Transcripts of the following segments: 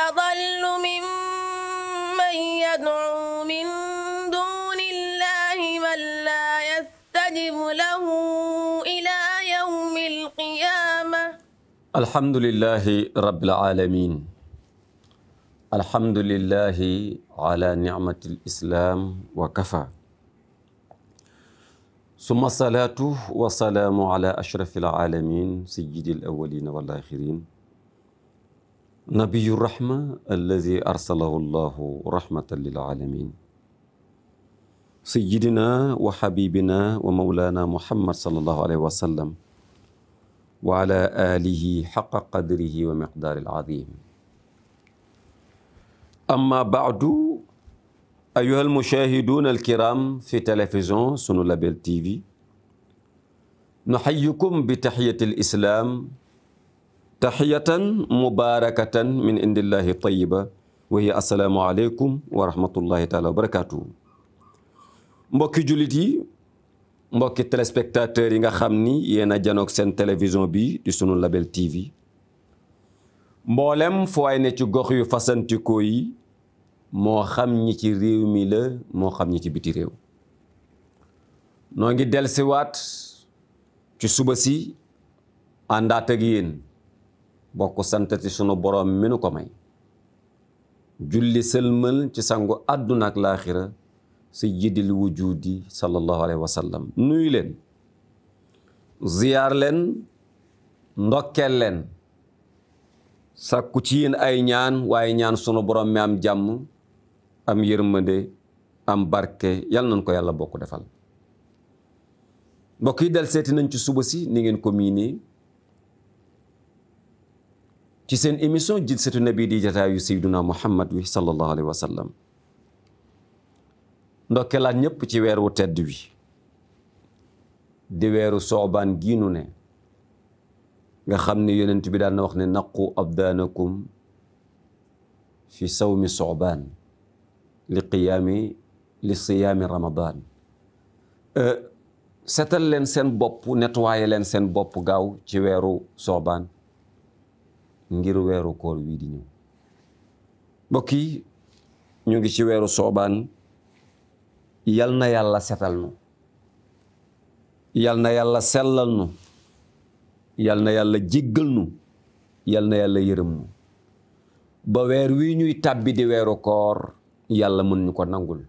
أضل ممن يدعو من دون الله من لا يستجب له إلى يوم القيامة الحمد لله رب العالمين الحمد لله على نعمة الإسلام وكفى ثم الصلاة والسلام على أشرف العالمين سيد الأولين والآخرين nabiyu rahma alladi arsalahu llahu rahmatan lil alamin sayidina wa xabibina wa maulana muhammad salallahu alayhi wa sallam wa ala alihi xaqa qadrihi wa miqdaari alazim amma baadu ayuha almushahiduna alkiram fi télévision sunu label tv nuxayikum bi taxiyati alislam taxiyatan mubarakatan min indillahi tayiba wa hiya assalaamu aleykum wa rahmatullahi taala wa barakatuhu mbokki jullit yi mbokki téléspectateurs yi nga xam ni yéen a janoog seen télévision bi di sunu label tv mboolem fu waay ne ci gox yu fasantikoo yi moo xam ñi ci réew mi la moo xam ñi ci biti réew noo ngi waat ci suba si àndaat ak yéen bokk santati sunu boroom mi nu ko may julli sëlmal ci sangu àdduna ak laaxira sayyidil wujudi sallallahu alayhi wa sallam nuyu leen ziyaar leen ndokkeel leen sàkku ci yéen ay ñaan waaye ñaan sunu boroom mi am jàmm am yërmande am barke yal nañ ko yàlla bokk defal mbokk del seeti nañ ci suba si ni ngeen ko miinee ci seen émission Jilsatu Nabi di jataayu sayduna Muhammad wi sallallahu alayhi wa sallam ndokkelaat ñëpp ci weer tedd wi di weeru soobaan giinu ne nga xam ni yonent bi daan na wax ne naqu abdaanakum fi sawmi soobaan li qiyaami li siyaami ramadaan euh, setal leen seen bopp nettoyé leen seen bopp gaaw ci weeru soobaan ngir weeru koor wii di ñëw mbokk yi ñu ngi ci weeru soobaan yal na yàlla setal nu yal na yàlla sellal nu yal na yàlla jéggal nu yal na yàlla yërëm nu ba weer wii ñuy tàbbi di weeru koor yàlla mën ñu ko nangul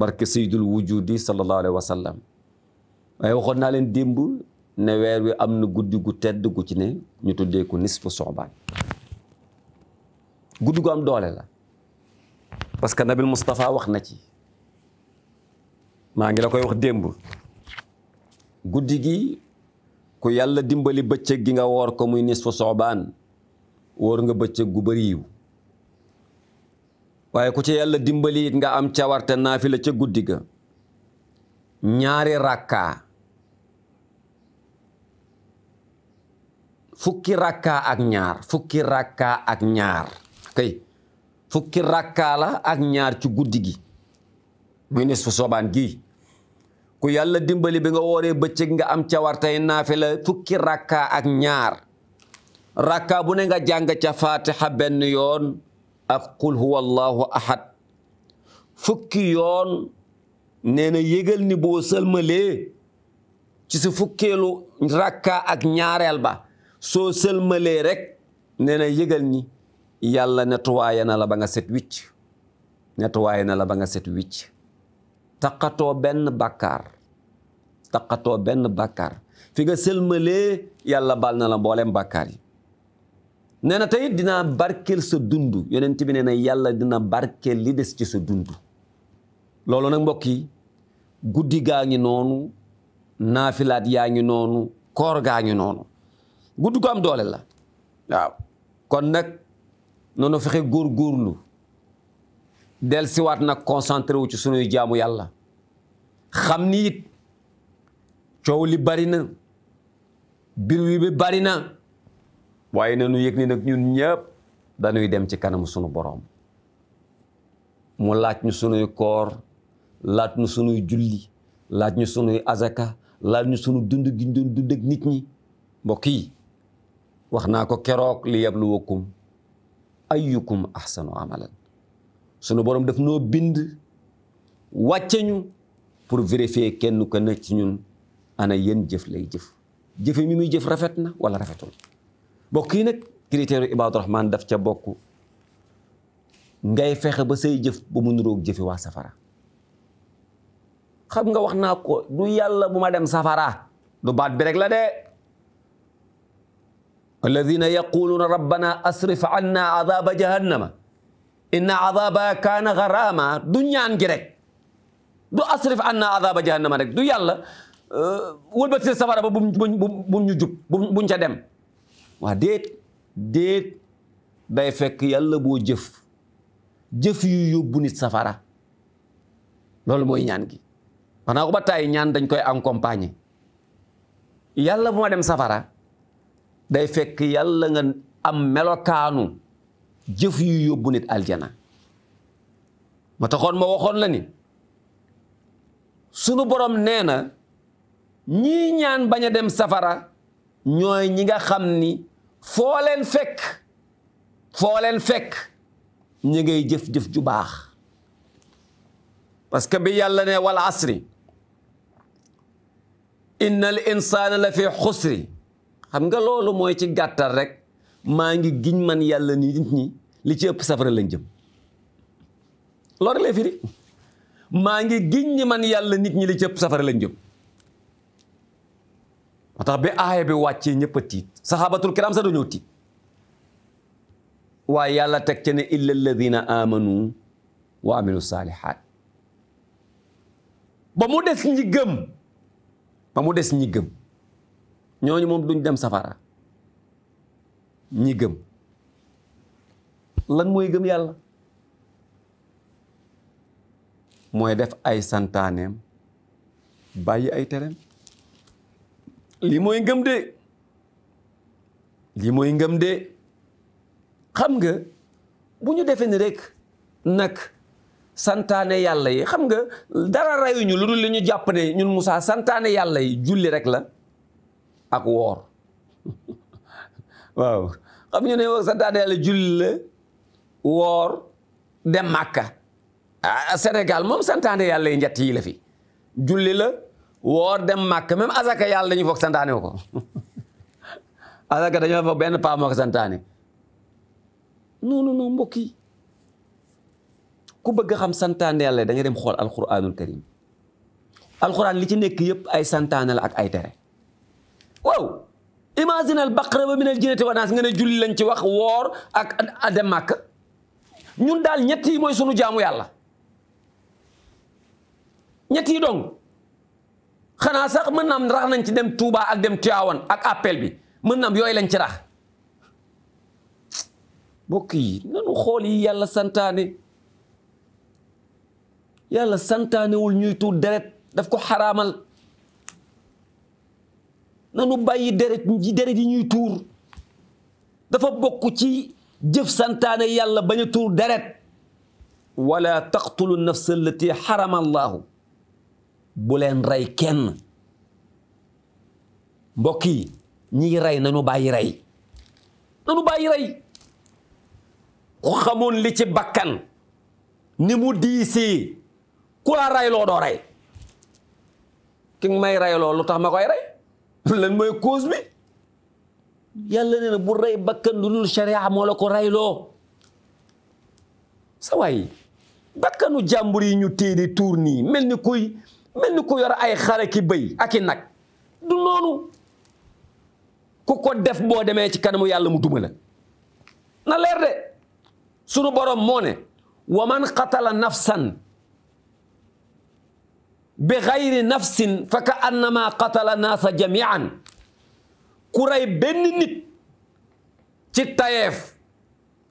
barke sayyidul wujudi sallallahu alayhi wa sallam waaye waxoon leen démb ne weer wi am na guddi gu tedd gu ci ne ñu tuddee ko nisfu soxbaan guddi gu am doole la parce que nabil Moustapha wax na ci maa ngi la koy wax démb guddi gi ku yàlla dimbali bëccëg gi nga woor ko muy nisfu soxbaan woor nga bëccëg gu bëri yiw waaye ku ci yàlla dimbali it nga am cawarte naafila ca guddi ga ñaari rakkaa fukki rakka ak ñaar fukki rakka ak ñaar kay fukki la ak ñaar ci guddi gi muy fu soobaan gi ku yàlla dimbali bi nga wooree bëccëg nga am cawartay naafe la fukki rakka ak ñaar rakka bu ne nga jàng ca fatiha benn yoon ak qul huwa allahu ahad fukki yoon nee na yëgal ni boo sëlmalee ci si fukkeelu rakka ak ñaareel ba soo sëlmalee rekk nee na yëgal ni yàlla nettuwaaye na la ba set wicc nettuwaaye na la ba nga set wicc taqatoo benn bàkkaar taqatoo benn bàkkaar fi nga sëlmalee yàlla bal na la mbooleem bàkkaar yi nee na dinaa barkeel sa dund yonent bi nee na yàlla dina barkeel li des ci sa dund loolu na mbokk yi guddi gaa ngi noonu naafilaat yaa ngi noonu koor gaa ngi noonu gudd ko am doole la waaw kon nag noonu fexe góor góorlu del siwaat nag concentré wu ci sunuy jaamu yàlla xam ni it coow li bari na bir wi bi bari na waaye nanu yëg ni nag ñun ñëpp dañuy dem ci kanamu sunu boroom mu laaj ñu sunuy koor laaj ñu sunuy julli laaj ñu sunuy azaka laaj ñu sunu dund gi ñu doon dund ak nit ñi mbokk yi wax naa ko keroog li yabluwakum ayyukum ahsanu amalan sunu borom daf noo bind wàcce ñu pour vérifier kenn ko ne ci ñun ana yéen jëf lay jëf jëfe mi muy jëf rafet na wala rafetul bokk yi nag critère u ibaadu rahman daf ca bokk ngay fexe ba say jëf ba mu nuroog jëfe wa safara xam nga wax naa ko du yàlla bu ma dem safara du baat bi la de alladina yaquluuna rabbana asrif anna adaba jahannama inna adaba kaana garaama du ñaan gi rek du asrif anna adaba jahannama rek du yàlla wëlbatil safara ba bu bu ñu buñ ca dem waa déet déet day fekk yàlla boo jëf jëf yu yóbbu nit safara loolu mooy ñaan gi wax naa ko ba tàyyi ñaan dañ koy accompagner yàlla bu ma dem safara day fekk yàlla nga am melokaanu jëf yu yóbbu nit aljana ma taxoon ma waxoon la ni sunu borom nee na ñii ñaan bañ a dem safara ñooy ñi nga xam ni fooleen fekk foo fekk ñi ngay jëf-jëf ju baax parce que bi yàlla ne wal asri inna al insana la fi xusri xam nga loolu mooy ci gàttal rek maa ngi giñ man yàlla ni nit ñi li ci ëpp safara lañ jëm loolu lay firi maa ngi giñ man yàlla nit ñi li ci ëpp safara lañ jëm moo tax bi aaya bi wàccee ñëpp a tiit saxaabatul kiram sa dañoo tiit waaye yàlla teg ca ne illa alladina amanu wa amilu ba mu des ñi gëm ba mu des ñi gëm ñooñu moom duñ dem safara ñi gëm lan mooy gëm yàlla mooy def ay santaaneem bàyyi ay tereem lii mooy gëm de lii mooy ngëm de xam nga bu ñu defee ni rek nag santaane yàlla yi xam nga dara rayuñu lu dul li ñu jàpp ne ñun musaa santaane yàlla yi julli rek la ak woor waaw xam ñu ne wax santaane yàlla julli la woor dem màkka ah, Sénégal moom santaane yàlla yi njett yi la fi julli la woor dem màkka même azaka yàlla dañuy foog santaane ko azaka dañoo foog benn paa moo santaane non non non mbokk ku bëgg a xam santaane yàlla da nga dem xool alquranul karim alquran li ci nekk yëpp ay santaane la ak ay tere waaw imaginal baqara ba minal jinnati wa naas nga ne julli lañ ci wax woor ak a dem màkk ñun daal ñett yi mooy sunu jaamu yàlla ñetti yi dong xanaa sax mën naam rax nañ ci dem Touba ak dem Tiwaawan ak appel bi mën nam yooyu lañ ci rax bokk yi nanu xool yi yàlla santaane yàlla santaanewul ñuy tuur deret daf ko xaraamal nanu bàyyi deret deret yi ñuy tuur dafa bokk ci jëf santaane yàlla bañ a tuur deret wala taqtulu nafsa allati xarama allahu bu leen rey kenn mbokk yi ñiy rey nanu bàyyi rey nanu bàyyi rey ku xamoon li ci bakkan ni mu diisee ku la reyloo doo rey ki may reyloo lu tax ma koy rey lan mooy cause bi yàlla nee bu rey bakkan lu dul sharia moo la ko reyloo sa waay jàmbur yi ñu téedi tuur nii mel ni kuy mel ni ku yor ay xare ki bëy nag du noonu ku ko def boo demee ci kanamu yàlla mu duma na leer de sunu borom moo ne wa man qatala nafsan bi xayri nafsin fa ka annama qatala naasa jamian ku rey benn nit ci tayeef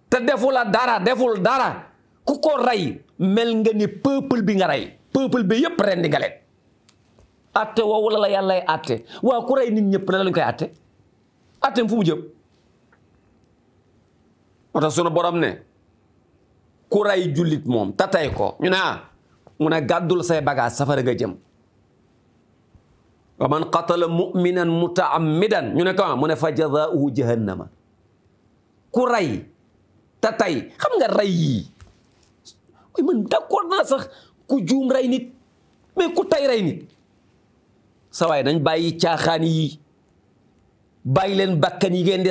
te defula dara deful dara ku ko rey mel nga ni peuple bi nga rey peuple bi yëpp rendi nga leen atte woowu la la yàllay atte waaw ku rey nit ñëpp la lañ koy atte atte fu mu jëm moo tax sunu borom ne ku rey jullit moom ta tay ko ñu naa mu ne gàddul say bagage safara nga jëm wa man qatala muminan mutaammidan ñu ne ko mu ne fa jazaauhu jahannama ku rey te tey xam nga rey yii oy man d'accord naa sax ku juum rey nit mais ku tey rey nit sa nañ bàyyi caaxaan yi bàyyi leen bakkan yi leen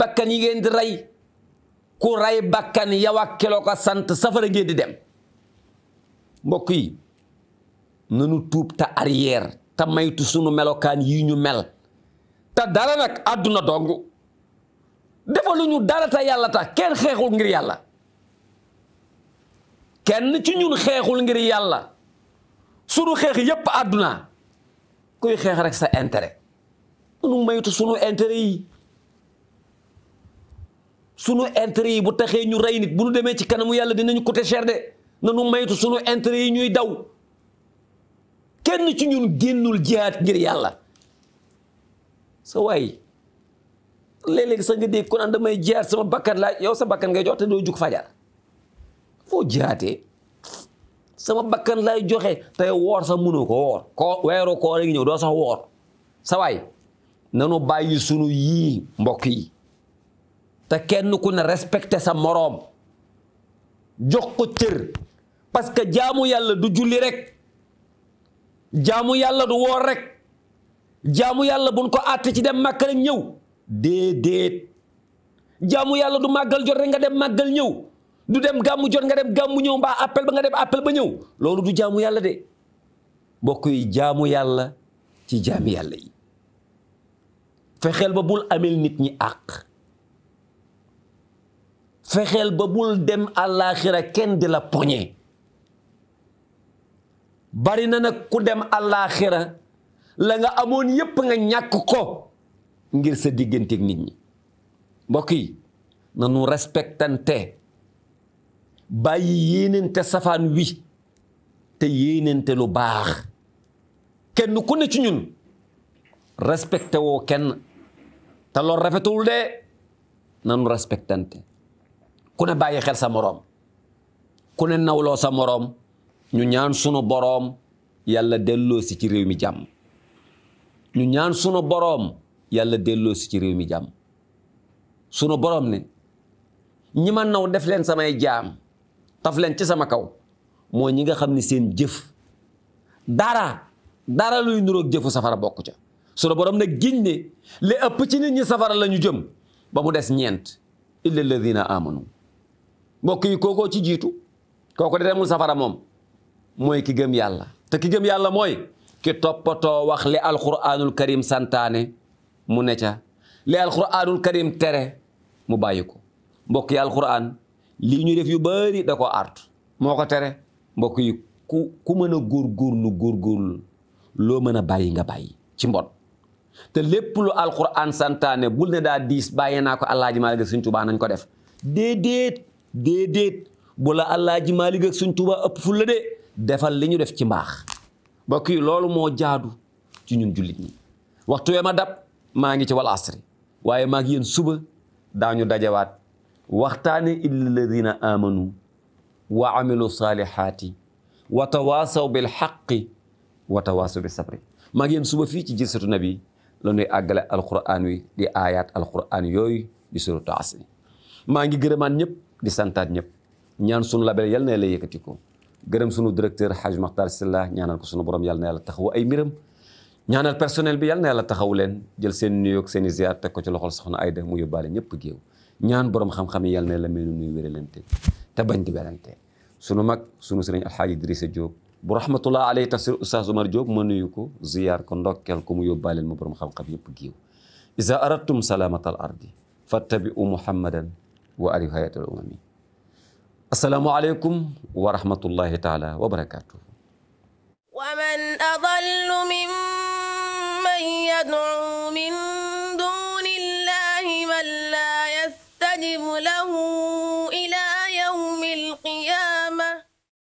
bakkan yi ngeen di rey ku ray bakkan yow ak keloo ko sant safara ngeen di dem mbokk yi nanu tuub te arrière te maytu sunu melokaan yi ñu mel te dara nag àdduna dong ñu dara te yàlla tax kenn xeexul ngir yàlla kenn ci ñun xeexul ngir yàlla sunu xeex yépp àdduna kuy xeex rek sa intérêt nanu maytu sunu intérêt yi sunu intérêt yi bu taxee ñu rey nit bu ñu demee ci kanamu yàlla dinañu coûter cher de nanu maytu sunu intérêt yi ñuy daw kenn ci ñun génnul jihaat ngir yàlla sa waay léeg-léeg ko naan damay jihaat sama bakkan laa yow sa bakkan ngay jox te doo jug fajar foo jihaatee sama bakkan lay joxe tey woor sax mënoo ko woor ko weeru koor ngi ñëw doo sax woor sa waay nanu bàyyi sunu yii mbokk yi te kenn ku ne respecté sa moroom jox ko cër parce que jaamu yàlla du julli rek jaamu yàlla du woor rek jaamu yàlla bun ko àtte ci dem màkk rek ñëw déedéet jaamu yàlla du màggal jot rek nga dem màggal ñëw du dem gàmmu jot nga dem gàmmu ñëw mbaa appel ba nga dem appel ba ñëw loolu du jaamu yàlla de mbokk yi jaamu yàlla ci jaami yàlla yi fexeel ba bul amel nit ñi àq fexeel ba bul dem àllaaxira kenn di la poñe bari na nag ku dem àllaaxira la nga amoon yépp nga ñàkk ko ngir sa diggante nit ñi mbokk yi respectante bàyyi yéenante safaan wi te yéenante lu baax kenn ku ne ci ñun respecté woo kenn te loolu rafetul de nanu respectante ku ne bàyyi xel sa moroom ku ne nawloo sa moroom ñu ñaan sunu boroom yàlla delloo si ci réew mi jàmm ñu ñaan sunu boroom yàlla delloo si ci réew mi jàmm sunu boroom ne ñi ma naw def leen samay jaam taf leen ci sama kaw moo ñi nga xam ni seen jëf dara dara luy nurook jëfu safara bokk ca suno boroom na giñ ne li ëpp ci nit ñi safara la ñu jëm ba mu des ñeent illa alladina amanu mbokk yi kookoo ci jiitu kooku de demul safara moom mooy ki gëm yàlla te ki gëm yàlla mooy ki toppatoo wax li alquranul karim santaane mu ne ca li alquranul karim tere mu bàyyi ko mbokk yi alquran lii ñu def yu bari da ko artu moo ko tere mbokk yi ku ku mën a góorgóorlu góorgóorlu loo mën a bàyyi nga bàyyi ci mbon te lépp lu alquran santaane bul ne daa diis bàyyi naa ko alaaji maa ga Sëriñ Tuubaa nañ ko def déedéet bu la Alaaji Maalik ak Sëñ Tuubaa ëpp fulla de defal li ñu def ci mbaax mbokk yi loolu moo jaadu ci ñun jullit ñi waxtu wee ma dab maa ngi ci wal asri waaye maa ngi yéen suba daañu dajawaat waxtaane illa ladina amanu wa amilu saalihaati wa tawaasaw bil haqqi wa tawaasaw bis sabri maa ngi yéen suba fii ci jilsatu nabi la ñuy àggale alquran wi di ayat alquran yooyu di suratu asri maa ngi gërëmaan ñëpp di santaat ñëpp ñaan sunu label yal na la yëkkati ko gërëm sunu directeur Hadj Makhtar Silla ñaanal ko sunu borom yal na yàlla taxawu ay mbiram ñaanal personnel bi yal na yàlla taxawu leen jël seen nuyoog seen i ziar teg ko ci loxol soxna Ayda mu yóbbaale ñëpp géew ñaan borom xam-xam yi yal na la mel ni nuy wérelante te bañ di werante sunu mag sunu sëriñ Alxaaji Idrissa Diop bu rahmatullah alayhi tafsir Oustaz Oumar Diop ma nuyu ko ziar ko ndokkeel ko mu yóbbaaleen ma borom xam-xam yëpp géew isa aradtum salaamatal ardi fattabi'u muhammadan wa ali hayatul umami asalaamualeykum wa rahmatullahi taala wa barakatuhu waman adallu mimman yad'u min duni llahi man la yastajibu lahu